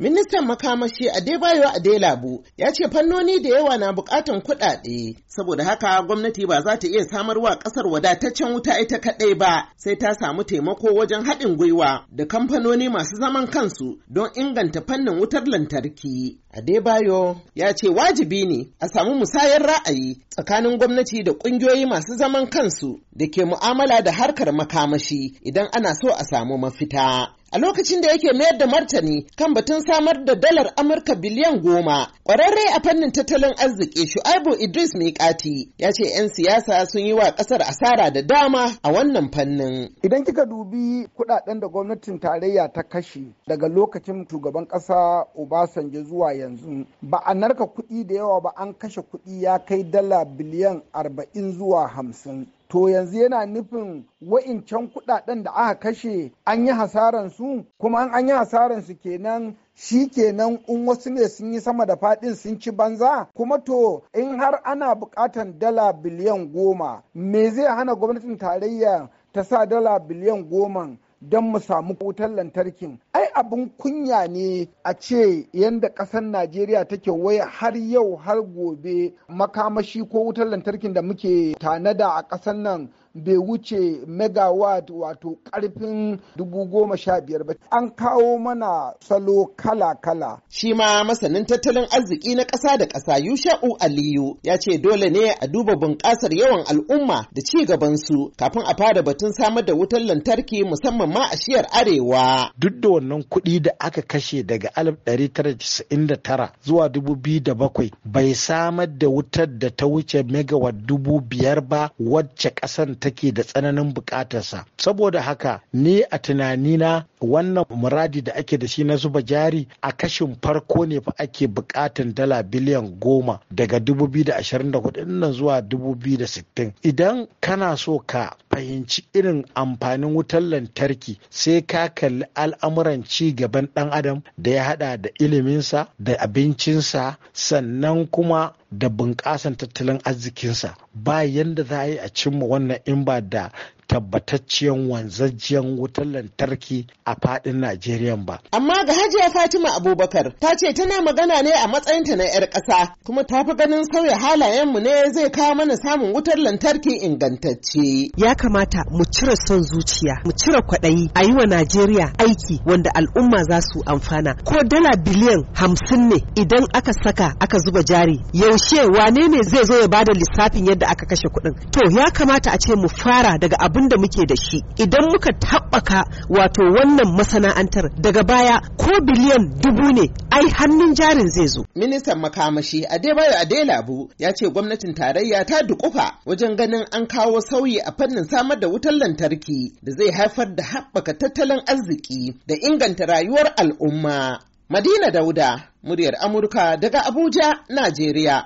Ministan makamashi Adebayo Adelabu ya ce fannoni da yawa na bukatan kuɗaɗe, saboda haka gwamnati ba za ta iya samarwa ƙasar wadataccen wuta ita kaɗai ba sai ta samu taimako wajen haɗin gwiwa da kamfanoni masu zaman kansu don inganta fannin wutar lantarki. Adebayo ya ce wajibi ne a samu musayar ra'ayi tsakanin gwamnati da ƙungiyoyi masu zaman kansu da ke mu'amala da harkar makamashi idan ana so a samu mafita. A lokacin da yake mayar da martani kan batun samar da dalar Amurka biliyan goma, ƙwararre a fannin tattalin arziki Shu'aibu Idris Mikati ya ce 'yan siyasa sun yi wa ƙasar asara da dama a wannan fannin. Idan kika dubi kuɗaɗen da gwamnatin tarayya ta kashe daga lokacin shugaban ƙasa Obasanjo zuwa yanzu, ba a narka kuɗi da yawa ba an kashe kuɗi ya kai dala biliyan arba'in zuwa hamsin. to yanzu yana nufin wa'incan kudaden da aka kashe an yi hasaran kuma an yi hasaransu kenan shi kenan in wasu ne sun yi sama da fadin sun ci banza kuma to in har ana bukatan dala biliyan goma me zai hana gwamnatin tarayya ta sa dala biliyan goma don mu samu wutar lantarkin ai abin kunya ne a ce yadda ƙasar najeriya take waya har yau har gobe makamashi ko wutar lantarkin da muke tanada a ƙasar nan bai wuce megawatt wato karfin dubu goma sha biyar ba an kawo mana salo kala-kala. Shi ma masanin tattalin arziki na ƙasa da ƙasa Yusha'u Aliyu ya ce dole ne a duba bunƙasar yawan al'umma da ci gabansu kafin a fara batun samar da wutar lantarki musamman ma a shiyar arewa. Duk da wannan kuɗi da aka kashe daga 1999 zuwa 2007 bai samar da wutar da ta wuce megawatt dubu biyar ba wacce ƙasan ta take da tsananin bukatarsa saboda haka ni a tunanina wannan muradi da ake da shi na zuba jari a kashin farko ne fa ake bukatan dala biliyan goma daga 2024 nan zuwa 2060 idan kana so ka fahimci irin amfanin wutar lantarki sai ka kalli al'amuran ci gaban dan adam da ya hada da iliminsa da abincinsa sannan kuma da bunƙasan tattalin arzikinsa ba yadda za a yi a cimma wannan in ba da tabbatacciyar wanzajjen wutar lantarki a faɗin Najeriya ba. Amma ga Hajiya Fatima Abubakar ta ce tana magana ne a matsayin ta na 'yar ƙasa kuma ta fi ganin sauya halayenmu ne zai kawo mana samun wutar lantarki ingantacce. Ya kamata mu cire son zuciya, mu cire kwaɗayi, a yi wa Najeriya aiki wanda al'umma za su amfana. Ko dala biliyan hamsin ne idan aka saka aka zuba jari yaushe wane ne zai zo ya bada lissafin yadda aka kashe kuɗin. To ya kamata a ce mu fara daga abin abin da muke da shi idan muka tabbaka wato wannan masana'antar daga baya ko biliyan dubu ne ai hannun jarin zai zo. Ministan makamashi Adebayo Adelabu ya ce gwamnatin tarayya ta dukufa wajen ganin an kawo sauyi a fannin samar da wutar lantarki da zai haifar da haɓaka tattalin arziki da inganta rayuwar al'umma. Madina Dauda, muryar Amurka daga Abuja, Najeriya.